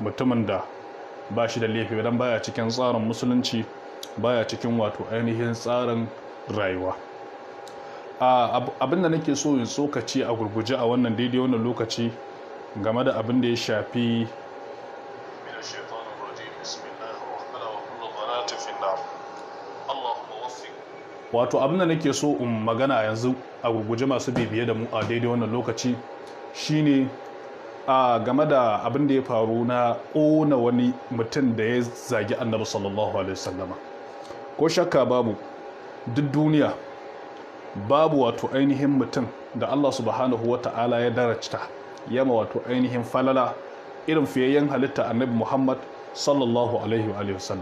mutumin da ba shi da laifi don baya cikin tsarin musulunci baya cikin wato ainihin tsarin rayuwa abin da nake so in tsokaci a gurguje a wannan daidai wannan lokaci game da abin da ya shafi wato abin da nake so in magana yanzu a gurguje masu bibiye da mu a daidai wannan lokaci shine a game da abin da ya faru na ƙona wani mutum da ya zagi annabi sallallahu alaihi wasallama ko shakka babu duk duniya babu wato ainihin mutum da Allah subhanahu wa ta'ala ya darajta yama wato ainihin falala irin fiyayyen halitta annabi Muhammad sallallahu alaihi wa alihi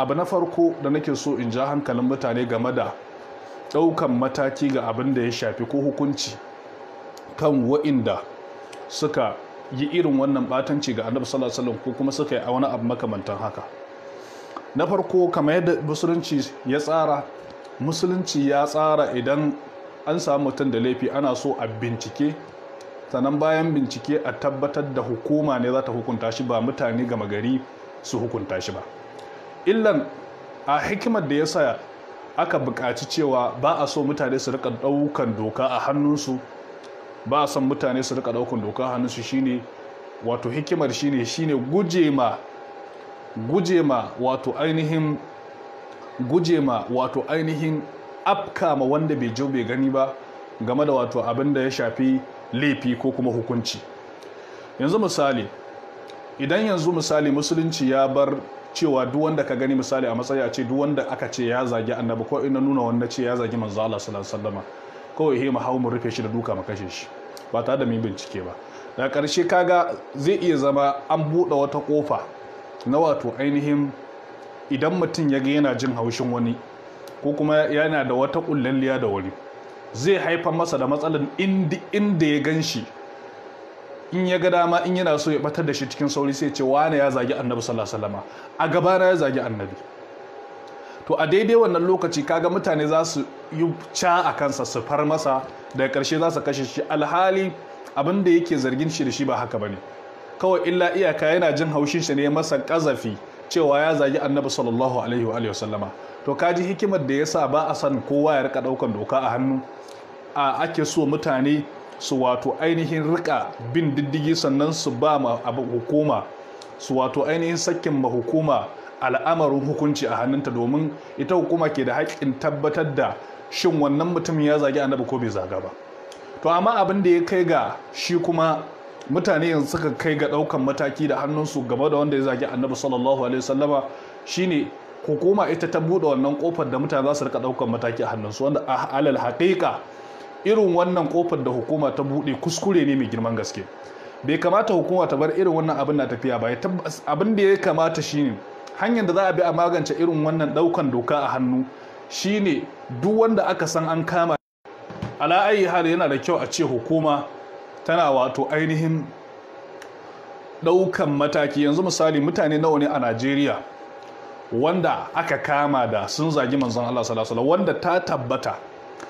abu na farko da nake so in ja hankalin mutane game da ɗaukan mataki ga abin da ya shafi ko hukunci kan wa'inda suka yi irin wannan batanci ga annabi sallallahu alaihi wasallam ko kuma suka yi wani abu makamantan haka na farko kamar yadda musulunci ya tsara musulunci ya tsara idan an samu mutum da laifi ana so a bincike sannan bayan bincike a tabbatar da hukuma ne za ta hukunta shi ba mutane gama gari su hukunta shi ba illan a hikimar da ya sa aka buƙaci cewa ba a so mutane su rika ɗaukan doka a hannunsu ba san mutane su rika daukan doka su shine wato hikimar shine shine guje ma guje ma wato ainihin guje ma wato ainihin afka ma wanda bai jo bai gani ba game da wato abin da ya shafi laifi ko kuma hukunci yanzu misali idan yanzu misali musulunci ya bar cewa duk wanda ka gani misali a matsayi a ce duk wanda aka ce ya zagi annabi ko ina nuna wanda ce ya zagi manzo Allah sallallahu alaihi wasallama kawai he mu hau mu rufe shi da duka mu kashe shi ba tare da mai bincike ba da ƙarshe kaga zai iya zama an buɗe wata ƙofa na wato ainihin idan mutum ya ga yana jin haushin wani ko kuma yana da wata ƙullalliya da wani zai haifar masa da matsalar inda ya gan shi in ya ga dama in yana so ya batar da shi cikin sauri sai ce wane ya zagi annabi sallallahu alaihi wasallam a gabana ya zagi annabi to a daidai wannan lokaci kaga mutane za su yi ca a kansa su far masa daga karshe za su kashe shi alhali abinda yake zargin shi da shi ba haka bane kawai illa iyaka yana jin haushin shi ne masa kazafi cewa ya zagi annabi sallallahu alaihi wa sallama to kaji hikimar da yasa ba a san kowa ya rika daukan doka a hannu a ake so mutane su wato ainihin rika bin diddigi sannan su ba ma hukuma su wato ainihin sakin ma hukuma al'amarin hukunci a hannunta domin ita hukuma ke da haƙƙin tabbatar da shin wannan mutumin ya zagi annabi ko bai zaga ba to amma abin da ya kai ga shi kuma mutane yanzu suka kai ga ɗaukan mataki da hannunsu game da wanda ya zagi annabi sallallahu alaihi wasallama shine hukuma ita ta buɗe wannan kofar da mutane za su rika ɗaukan mataki a hannunsu wanda a alal haƙiƙa irin wannan kofar da hukuma ta buɗe kuskure ne mai girman gaske bai kamata hukuma ta bar irin wannan abin na tafiya ba abin da ya kamata shine hanyar da za a bi a magance irin wannan daukan doka a hannu shine duk wanda aka san an kama ala'ayi har yana da kyau a ce hukuma tana wato ainihin daukan mataki yanzu misali mutane nawa ne a Najeriya wanda aka kama da sun zagi manzon Allah sallallahu wanda ta tabbata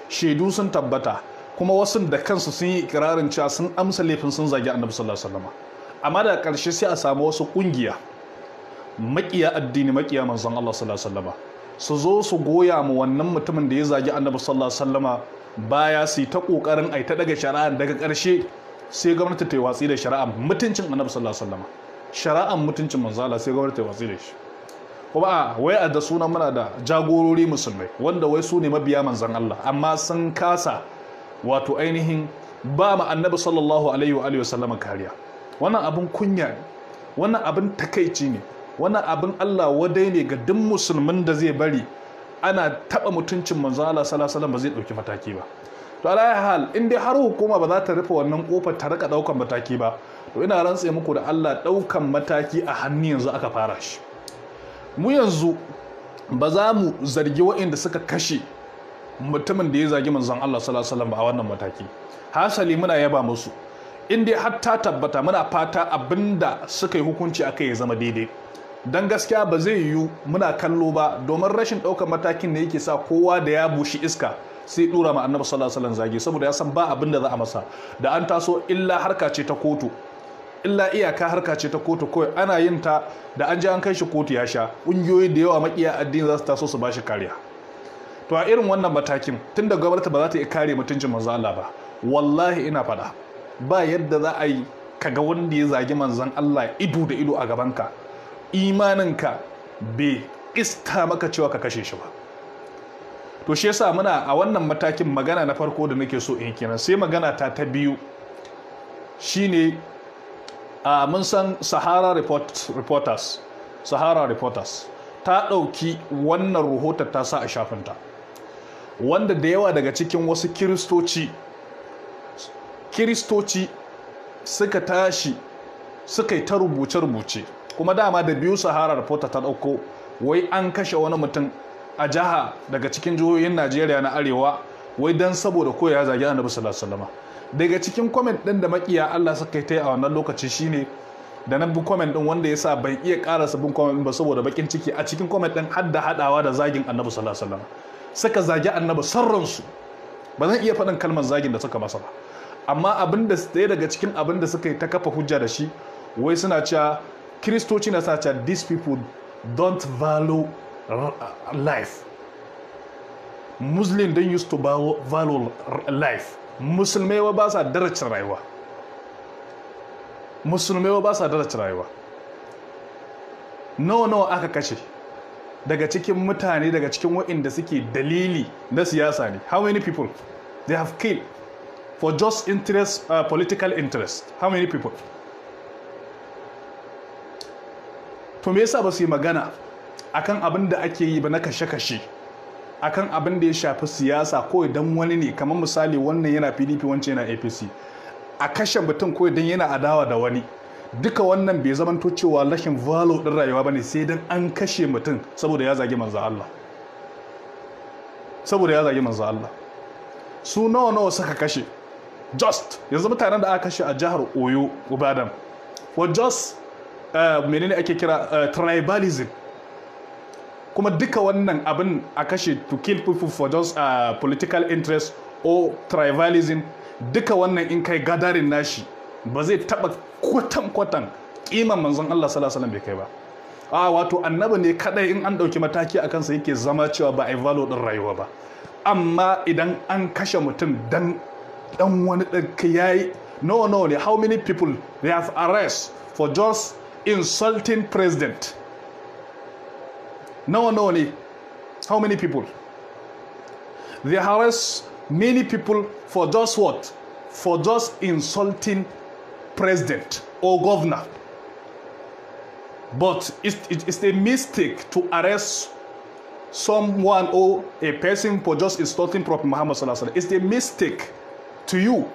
shaidu sun tabbata kuma wasu da kansu sun yi ikirarin cewa sun amsa laifin sun zagi annabi sallallahu alaihi amma da karshe sai a samu wasu kungiya. makiya addini makiya manzon Allah sallallahu alaihi su zo su goya mu wannan mutumin da ya zagi annabi sallallahu alaihi wasallama baya su ta kokarin ai ta daga shari'a daga karshe sai gwamnati ta yi watsi da shari'a mutuncin annabi sallallahu alaihi wasallama Shari'a mutuncin manzon Allah sai gwamnati ta yi watsi da shi ko ba wai a da suna muna da jagorori musulmai wanda wai su ne mabiya manzon Allah amma sun kasa wato ainihin ba ma annabi sallallahu alaihi wa alihi wasallama kariya wannan abin kunya ne wannan abin takaici ne wannan abin Allah wadai ne ga duk musulmin da zai bari ana taba mutuncin manzo Allah sallallahu ba zai dauki mataki ba to ala hal in dai har hukuma ba za ta rufe wannan kofar ta rika daukan mataki ba to ina rantse muku da Allah daukan mataki a hannu yanzu aka fara shi mu yanzu ba za mu zargi wa'inda suka kashe mutumin da ya zagi manzon Allah sallallahu ba a wannan mataki hasali muna yaba musu in dai har ta tabbata muna fata abinda suka yi hukunci aka ya zama daidai don gaskiya ba zai yiwu muna kallo ba domin rashin ɗaukar matakin da yake sa kowa da ya bushi iska sai ɗura ma annabi sallallahu alaihi zage saboda ya san ba abin da za a masa da an taso illa harka ce ta kotu illa iyaka harka ce ta kotu kawai ana yin ta da an ji an kai shi kotu ya sha ƙungiyoyi da yawa makiya addini za su taso su ba shi kariya to a irin wannan matakin tun da gwamnati ba za ta iya kare mutuncin manzo Allah ba wallahi ina faɗa ba yadda za a yi ga wanda ya zagi manzon Allah ido da ido a gaban ka. imaninka bai ista maka cewa ka kashe shi ba to shi yasa muna a wannan matakin magana na farko da nake so in kenan sai magana ta ta biyu shine a mun san sahara reporters sahara reporters ta ɗauki wannan rahoton ta sa a shafinta wanda da yawa daga cikin wasu kiristoci kiristoci suka tashi suka yi ta rubuce-rubuce kuma dama da biyu sahara fota ta ɗauko wai an kashe wani mutum a jiha daga cikin jihohin najeriya na arewa wai dan saboda ko ya zagi annabi sallallahu alaihi daga cikin comment din da makiya Allah suka yi a wannan lokaci shine da na bi comment din wanda ya sa ban iya karasa bin comment ba saboda bakin ciki a cikin comment din hadda hadawa da zagin annabi sallallahu alaihi suka zagi annabi sarransu ba zan iya faɗin kalmar zagin da suka masa ba amma abin da daga cikin abin da suka yi ta kafa hujja da shi wai suna cewa kiristoci na sace these people don't value life muslim don used to value life musulmai wa ba sa daracin rayuwa musulmai wa ba sa daracin rayuwa nawa nawa aka kashe daga cikin mutane daga cikin waɗanda suke dalili na siyasa ne how many people they have killed for just interest uh, political interest how many people to me yasa ba su yi magana akan abin da ake yi ba na kashe-kashe akan abin da ya shafi siyasa ko idan wani ne kamar misali wannan yana pdp wancan yana apc a kashe mutum ko idan yana adawa da wani duka wannan bai zamanto cewa rashin valo din rayuwa bane sai dan an kashe mutum saboda ya zagi manzo Allah saboda ya zagi manzo Allah su nawa nawa suka kashe just yanzu mutanen da aka kashe a jihar Oyo Ubadan wa just Eh, menene ake kira eh, tribalism kuma duka wannan abin a kashe to kill people for just uh, political interest or tribalism duka wannan in kai gadarin nashi ba zai taba kwatan-kwatan kiman manzon Allah sallallahu alaihi bai kai ba a ah, wato annabi ne kadai in an dauki mataki a kansa yake zama cewa ba a valo din rayuwa ba amma idan an kashe mutum dan dan wani dan yayi no no ne how many people they have arrest for just insulting president. No one only. How many people? They harass many people for just what? For just insulting president or governor. But it's, it's a mistake to arrest someone or a person for just insulting Prophet Muhammad. It's a mistake to you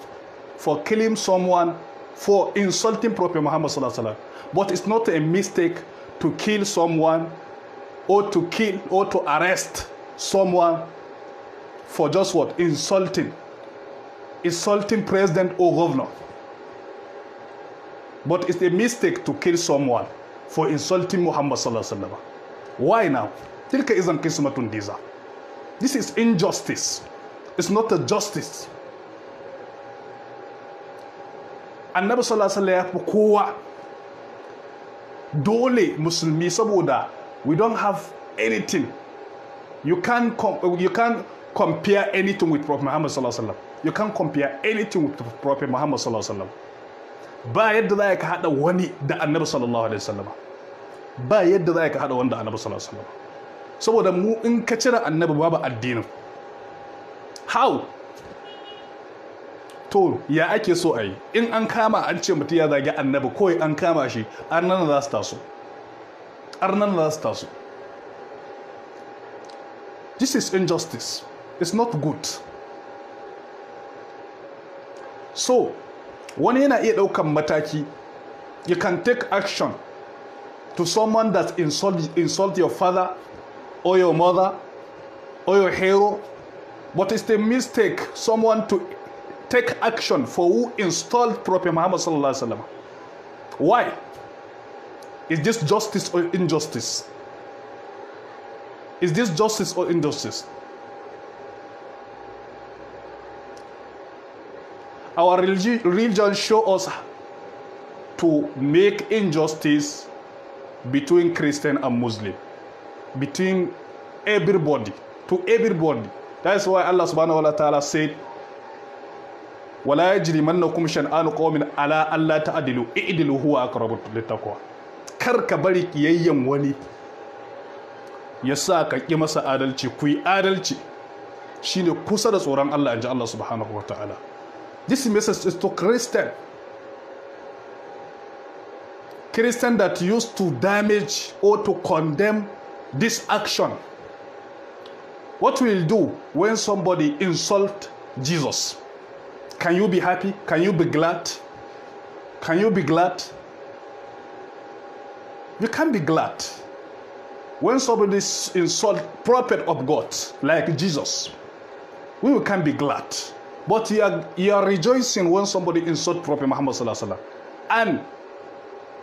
for killing someone for insulting Prophet Muhammad sallallahu But it's not a mistake to kill someone or to kill or to arrest someone for just what insulting insulting president or governor but it's a mistake to kill someone for insulting muhammad sallallahu alaihi wasallam why now tilka isn't kismatun diza this is injustice it's not a justice annabi sallallahu alaihi wasallam ya fi kowa dole musulmi saboda we don't have anything you can you can compare anything with prophet muhammad sallallahu alaihi wasallam you can compare anything with prophet muhammad sallallahu alaihi wasallam ba yadda za ka hada wani da annabi sallallahu alaihi wasallam ba yadda za ka hada wani da annabi sallallahu alaihi wasallam saboda mu in ka cire annabi babu addinin how to ya ake so a yi in an kama an ce mutum ya zagi annabi kawai an kama shi arnan za su taso arnan za su taso this is injustice it's not good so wani yana iya ɗaukan mataki you can take action to someone that insult, insult your father or your mother or your hero but it's a mistake someone to take action for who installed Prophet Muhammad sallallahu alaihi wasallam. Why? Is this justice or injustice? Is this justice or injustice? Our religion show us to make injustice between Christian and Muslim, between everybody, to everybody. That's why Allah subhanahu wa ta'ala said, wala yajrimannakum shan'anu qaumin ala alla ta'dilu i'dilu huwa aqrabu littaqwa kar ka bari kiyayyen wani ya sa ka ki masa adalci ku yi adalci shine kusa da tsoron Allah inji Allah subhanahu wa ta'ala this message is to Christian Christian that used to damage or to condemn this action what will do when somebody insult Jesus Can you be happy? Can you be glad? Can you be glad? You can't be glad. When somebody insults prophet of God, like Jesus, we can be glad. But you are, you are rejoicing when somebody insults prophet Muhammad sallallahu and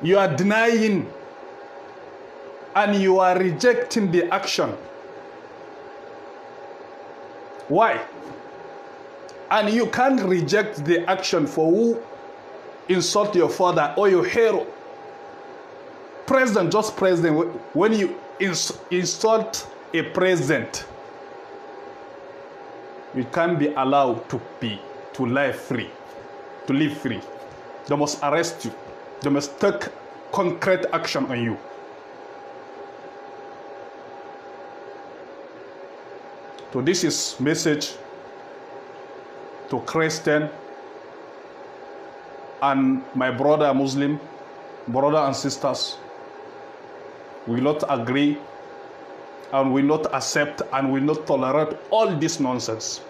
you are denying and you are rejecting the action. Why? And you can't reject the action for who insult your father or your hero. President, just president, when you insult a president, you can't be allowed to be, to live free, to live free. They must arrest you. They must take concrete action on you. So this is message to Christian and my brother Muslim, brother and sisters, will not agree and will not accept and will not tolerate all this nonsense.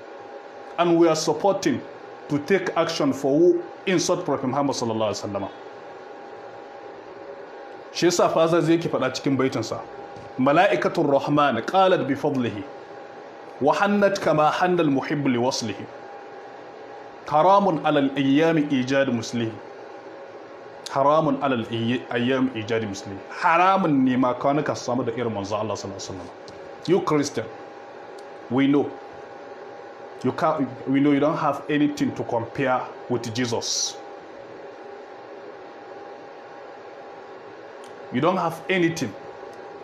And we are supporting to take action for who insult Prophet Muhammad sallallahu alaihi wasallam. Shi yasa faza zai ke faɗa cikin baitinsa. Mala'ikatul Rahman qalat bi fadlihi wa hannat kama hannal muhibb li waslihi. حرام على الأيام إيجاد مسلم حرام على الأيام إيجاد مسلم حرام نما كان كسامة دائر منزع الله صلى الله عليه وسلم you Christian we know you can't we know you don't have anything to compare with Jesus you don't have anything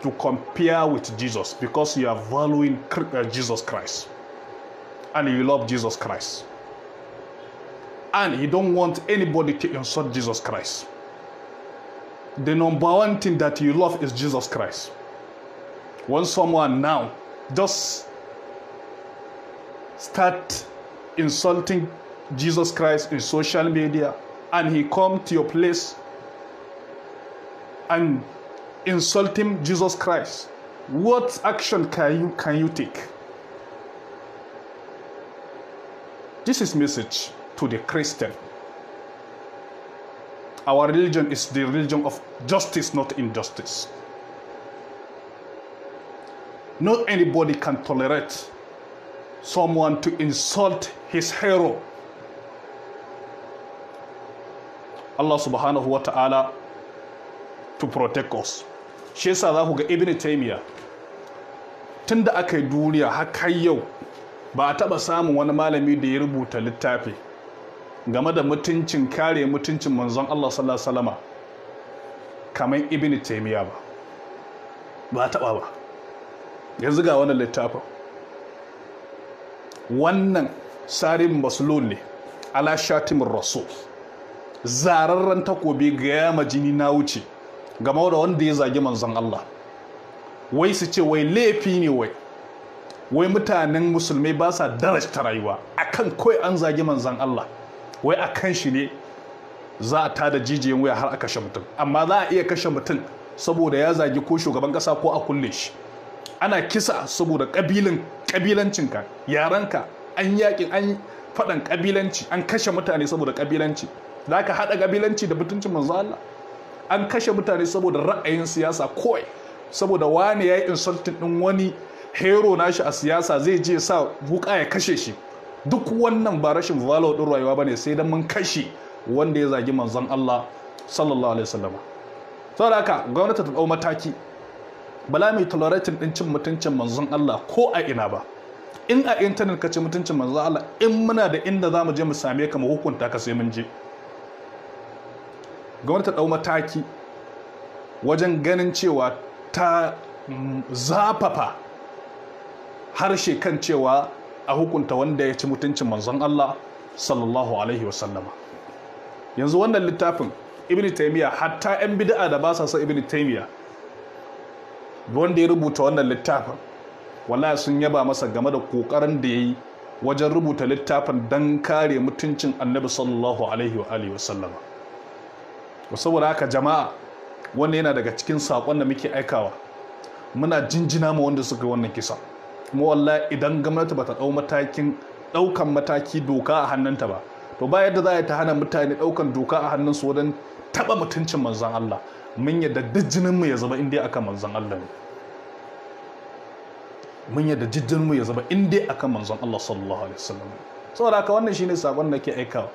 to compare with Jesus because you are valuing Jesus Christ and you love Jesus Christ and he don't want anybody to insult Jesus Christ. The number one thing that you love is Jesus Christ. When someone now just start insulting Jesus Christ in social media and he come to your place and insulting Jesus Christ, what action can you can you take? This is message to the Christian. Our religion is the religion of justice, not injustice. Not anybody can tolerate someone to insult his hero. Allah subhanahu wa ta'ala to protect us. She said that ku ga Ibn Taymiyyah tun da duniya har yau ba a taɓa samun wani malami da ya rubuta littafi game da mutuncin kare mutuncin manzon Allah sallallahu alaihi kamar ibn taymiya ba ba taba ba yanzu ga wannan littafin wannan sarin maslul ne ala shatimin rasul zararren takobi ga yama jini na wuce game da wanda ya zagi manzon Allah wai su ce wai laifi ne wai wai mutanen musulmai ba sa ta rayuwa akan koi an zagi manzon Allah wai a kan shi ne za a tada jijiyan wuya har a kashe mutum amma za a iya kashe mutum saboda ya zagi ko shugaban kasa ko a kulle shi ana kisa saboda kabilin kabilancinka yaranka an yakin an faɗan kabilanci an kashe mutane saboda kabilanci za ka haɗa kabilanci da mutuncin manzo Allah an kashe mutane saboda ra'ayin siyasa kawai saboda wani ya yi insultin ɗin wani hero nashi a siyasa zai je sa wuƙa ya kashe shi duk wannan ba rashin valo din rayuwa ne sai dan mun kashe wanda ya zagi manzon Allah sallallahu alaihi wasallam saboda haka gwamnati ta dau mataki bala mai tolerating din cin mutuncin manzon Allah ko a ina ba in a intanet ka ci mutuncin manzon Allah in muna da inda zamu je mu same ka mu hukunta ka sai mun je gwamnati ta dau mataki wajen ganin cewa ta mm, zafafa harshe kan cewa a hukunta wanda ya ci mutuncin manzon Allah sallallahu alaihi wasallama yanzu wannan littafin ibn taymiya hatta yan bid'a da ba sa son ibn taymiya wanda ya rubuta wannan littafin wallahi sun yaba masa game da kokarin da yayi wajen rubuta littafin dan kare mutuncin annabi sallallahu alaihi wa alihi wa saboda haka jama'a wannan yana daga cikin sakon da muke aikawa muna jinjina ma wanda suka yi wannan kisa kuma wallahi idan gwamnati ba ta ɗau matakin ɗaukan mataki doka a hannunta ba to ba yadda za a ta hana mutane ɗaukan doka a hannunsu wajen taɓa mutuncin manzon Allah mun yadda duk jininmu ya zama indai akan manzon Allah ne mun yadda jininmu ya zama indai akan manzon Allah sallallahu alaihi wasallam saboda haka wannan shine sakon da ke aika.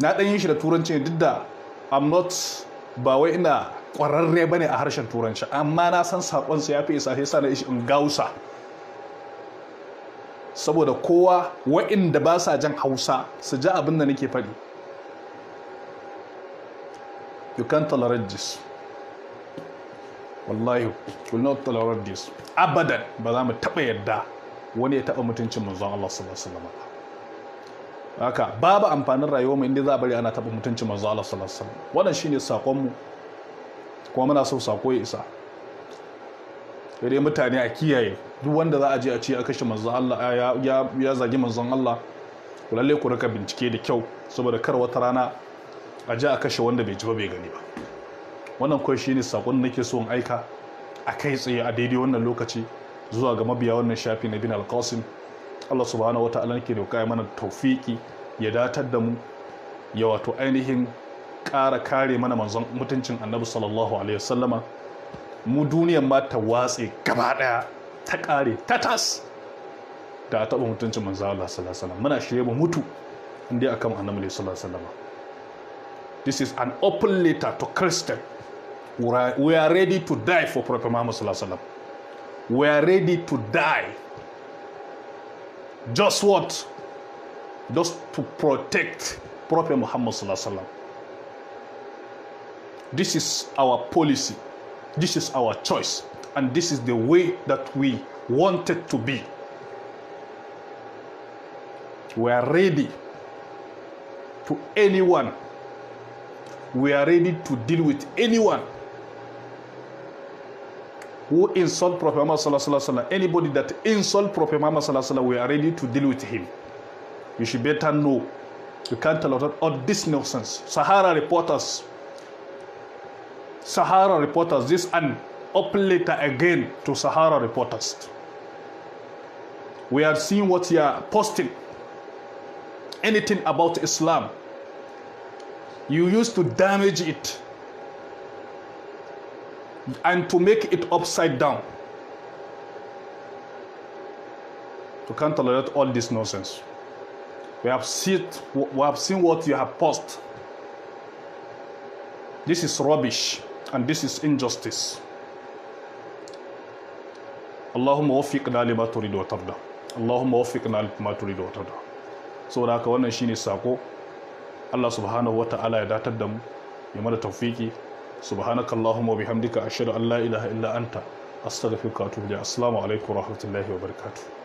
na ɗan yin shi da turanci duk da I'm not ba wai ina kwararre bane a harshen turanci amma na san saƙonsa ya fi isa sai sana ishi in gausa saboda kowa wa'inda ba sa jan hausa su ji abin da nake faɗi you can't tolerate this wallahi will not tolerate this abadan ba za mu taɓa yadda wani ya taɓa mutuncin manzon Allah sallallahu alaihi wasallam haka babu amfanin rayuwa mu inda za a bari ana taɓa mutuncin manzon Allah sallallahu alaihi wasallam wannan shine sakonmu kuma muna so sako ya isa Ya dai mutane a kiyaye duk wanda za a je a ce a kashe manzon Allah ya zagi manzon Allah ku lalle ku raka bincike da kyau saboda kar wata rana a je a kashe wanda bai ji ba bai gani ba wannan kawai shine sakon da nake so in aika a kai tsaye a daidai wannan lokaci zuwa ga mabiya wannan shafi na bin al-qasim Allah subhanahu wataala nake da mana tawfiki ya datar da mu ya wato ainihin ƙara kare mana manzon mutuncin annabi sallallahu alaihi wasallama mu duniyan ma ta watse gaba daya ta ƙare ta tas da ta taɓa mutuncin manzon Allah sallallahu alaihi wasallam muna shirye mu mutu inda akan annabi sallallahu alaihi wasallama this is an open letter to Christian we are ready to die for Prophet Muhammad sallallahu alaihi wasallam we are ready to die just what just to protect Prophet Muhammad sallallahu alaihi wasallam This is our policy. This is our choice. And this is the way that we want it to be. We are ready to anyone. We are ready to deal with anyone who insult Prophet Muhammad sallallahu Anybody that insult Prophet Muhammad sallallahu we are ready to deal with him. You should better know. You can't tell us all this nonsense. Sahara reporters Sahara reporters. This an up later again to Sahara reporters. We are seeing what you are posting. Anything about Islam. You used to damage it and to make it upside down. We can't tolerate all this nonsense. We have seen, we have seen what you have posted. This is rubbish. and this is injustice allahumma اللهم وفقنا لما تريد وترضى اللهم وفقنا لما تريد وترضى saboda haka wannan shine sako Allah subhanahu ta'ala ya datar da mu ya mana tawfiki subhanakallahumma wa bihamdika ashhadu an la ilaha illa anta astaghfiruka wa atubu ilayk assalamu alaikum wa rahmatullahi wa barakatuh